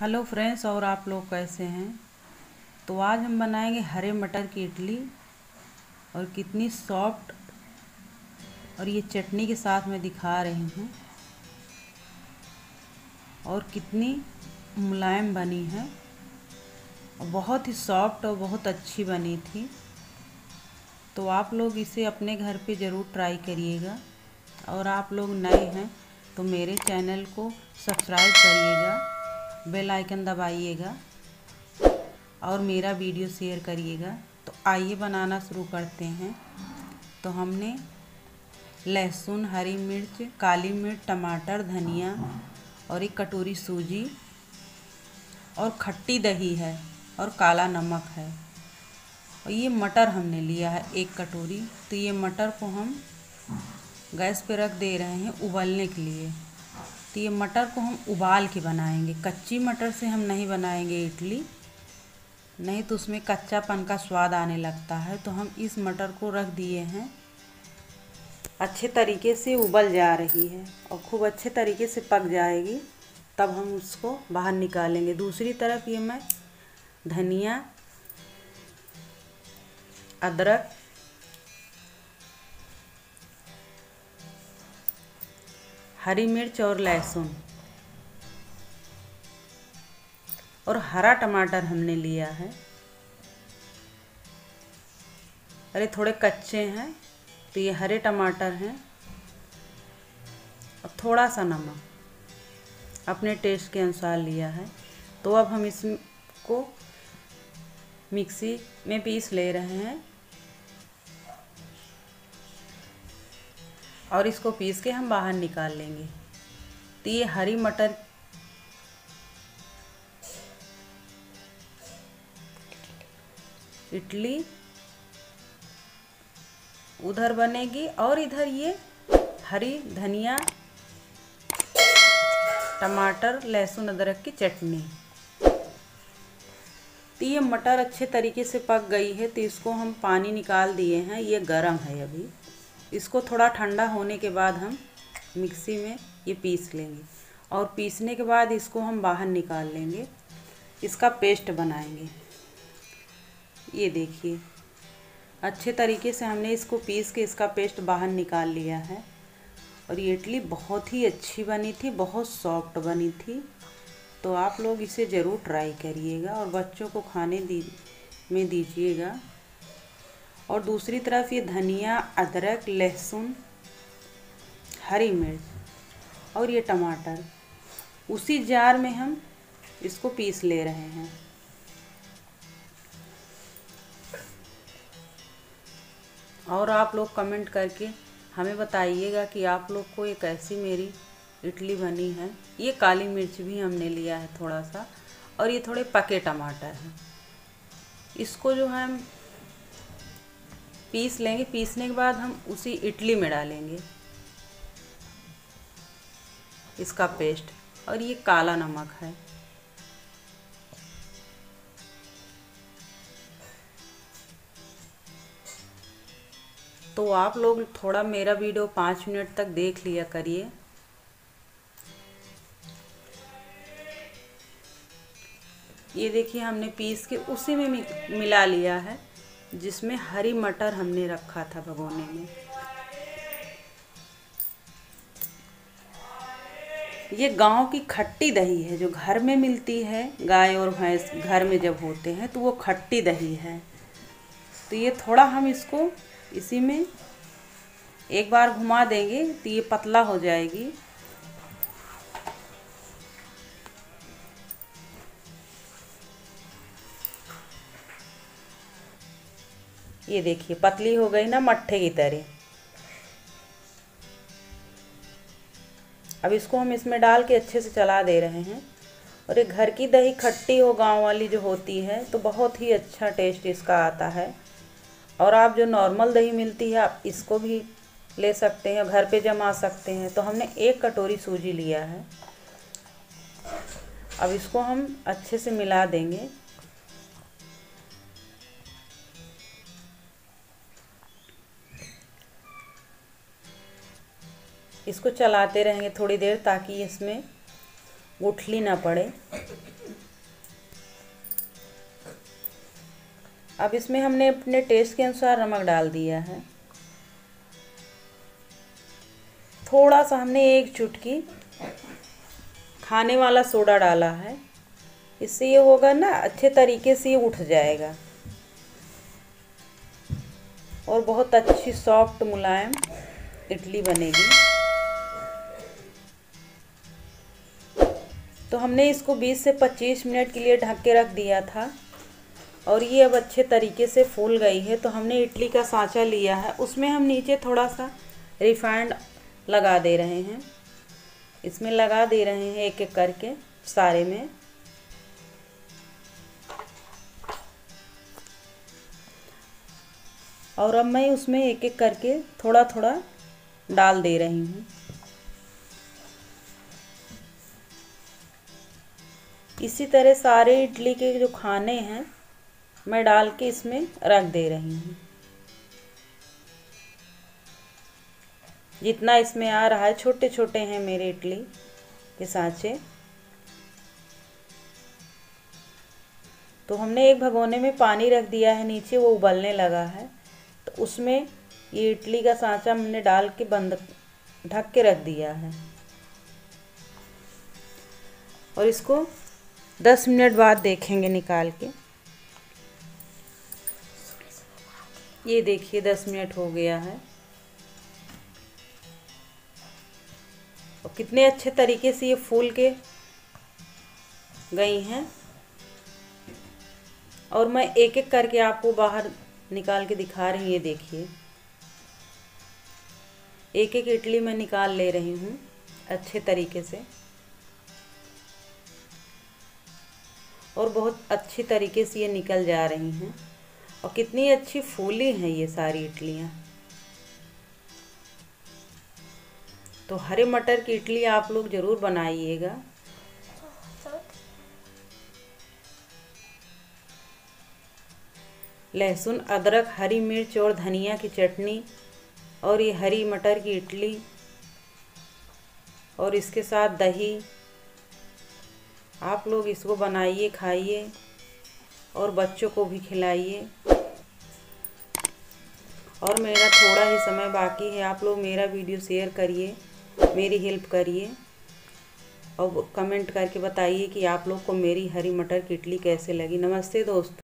hello friends और आप लोग कैसे हैं तो आज हम बनाएंगे हरे मटर की इडली और कितनी सॉफ्ट और ये चटनी के साथ मैं दिखा रही हूँ और कितनी मुलायम बनी है और बहुत ही सॉफ्ट और बहुत अच्छी बनी थी तो आप लोग इसे अपने घर पे ज़रूर ट्राई करिएगा और आप लोग नए हैं तो मेरे चैनल को सब्सक्राइब करिएगा बेल आइकन दबाइएगा और मेरा वीडियो शेयर करिएगा तो आइए बनाना शुरू करते हैं तो हमने लहसुन हरी मिर्च काली मिर्च टमाटर धनिया और एक कटोरी सूजी और खट्टी दही है और काला नमक है और ये मटर हमने लिया है एक कटोरी तो ये मटर को हम गैस पर रख दे रहे हैं उबलने के लिए तो ये मटर को हम उबाल के बनाएंगे कच्ची मटर से हम नहीं बनाएंगे इडली नहीं तो उसमें कच्चापन का स्वाद आने लगता है तो हम इस मटर को रख दिए हैं अच्छे तरीके से उबल जा रही है और खूब अच्छे तरीके से पक जाएगी तब हम उसको बाहर निकालेंगे दूसरी तरफ ये मैं धनिया अदरक हरी मिर्च और लहसुन और हरा टमाटर हमने लिया है अरे थोड़े कच्चे हैं तो ये हरे टमाटर हैं और थोड़ा सा नमक अपने टेस्ट के अनुसार लिया है तो अब हम इसको मिक्सी में पीस ले रहे हैं और इसको पीस के हम बाहर निकाल लेंगे तो ये हरी मटर इडली उधर बनेगी और इधर ये हरी धनिया टमाटर लहसुन अदरक की चटनी तो ये मटर अच्छे तरीके से पक गई है तो इसको हम पानी निकाल दिए हैं ये गरम है अभी इसको थोड़ा ठंडा होने के बाद हम मिक्सी में ये पीस लेंगे और पीसने के बाद इसको हम बाहर निकाल लेंगे इसका पेस्ट बनाएंगे ये देखिए अच्छे तरीके से हमने इसको पीस के इसका पेस्ट बाहर निकाल लिया है और ये इडली बहुत ही अच्छी बनी थी बहुत सॉफ्ट बनी थी तो आप लोग इसे ज़रूर ट्राई करिएगा और बच्चों को खाने दी में दीजिएगा और दूसरी तरफ ये धनिया अदरक लहसुन हरी मिर्च और ये टमाटर उसी जार में हम इसको पीस ले रहे हैं और आप लोग कमेंट करके हमें बताइएगा कि आप लोग को ये कैसी मेरी इडली बनी है ये काली मिर्च भी हमने लिया है थोड़ा सा और ये थोड़े पके टमाटर हैं इसको जो है पीस लेंगे पीसने के बाद हम उसी इडली में डालेंगे इसका पेस्ट और ये काला नमक है तो आप लोग थोड़ा मेरा वीडियो पाँच मिनट तक देख लिया करिए ये देखिए हमने पीस के उसी में मिला लिया है जिसमें हरी मटर हमने रखा था भगोने में ये गांव की खट्टी दही है जो घर में मिलती है गाय और भैंस घर में जब होते हैं तो वो खट्टी दही है तो ये थोड़ा हम इसको इसी में एक बार घुमा देंगे तो ये पतला हो जाएगी ये देखिए पतली हो गई ना मट्ठे की तरह अब इसको हम इसमें डाल के अच्छे से चला दे रहे हैं और ये घर की दही खट्टी हो गांव वाली जो होती है तो बहुत ही अच्छा टेस्ट इसका आता है और आप जो नॉर्मल दही मिलती है आप इसको भी ले सकते हैं घर पे जमा सकते हैं तो हमने एक कटोरी सूजी लिया है अब इसको हम अच्छे से मिला देंगे इसको चलाते रहेंगे थोड़ी देर ताकि इसमें गुठली ना पड़े अब इसमें हमने अपने टेस्ट के अनुसार नमक डाल दिया है थोड़ा सा हमने एक चुटकी खाने वाला सोडा डाला है इससे ये होगा ना अच्छे तरीके से ये उठ जाएगा और बहुत अच्छी सॉफ्ट मुलायम इडली बनेगी तो हमने इसको 20 से 25 मिनट के लिए ढक के रख दिया था और ये अब अच्छे तरीके से फूल गई है तो हमने इडली का सांचा लिया है उसमें हम नीचे थोड़ा सा रिफाइंड लगा दे रहे हैं इसमें लगा दे रहे हैं एक एक करके सारे में और अब मैं उसमें एक एक करके थोड़ा थोड़ा डाल दे रही हूँ इसी तरह सारे इडली के जो खाने हैं मैं डाल के इसमें रख दे रही हूँ जितना इसमें आ रहा है छोटे छोटे हैं मेरे इडली के सांचे तो हमने एक भगोने में पानी रख दिया है नीचे वो उबलने लगा है तो उसमें ये इडली का सांचा हमने डाल के बंद ढक के रख दिया है और इसको दस मिनट बाद देखेंगे निकाल के ये देखिए दस मिनट हो गया है और कितने अच्छे तरीके से ये फूल के गई हैं और मैं एक एक करके आपको बाहर निकाल के दिखा रही हूँ ये देखिए एक एक इडली मैं निकाल ले रही हूँ अच्छे तरीके से और बहुत अच्छी तरीके से ये निकल जा रही हैं और कितनी अच्छी फूली हैं ये सारी इडलियाँ तो हरे मटर की इडली आप लोग ज़रूर बनाइएगा लहसुन अदरक हरी मिर्च और धनिया की चटनी और ये हरी मटर की इडली और इसके साथ दही आप लोग इसको बनाइए खाइए और बच्चों को भी खिलाइए और मेरा थोड़ा ही समय बाकी है आप लोग मेरा वीडियो शेयर करिए मेरी हेल्प करिए और कमेंट करके बताइए कि आप लोग को मेरी हरी मटर की इडली कैसे लगी नमस्ते दोस्तों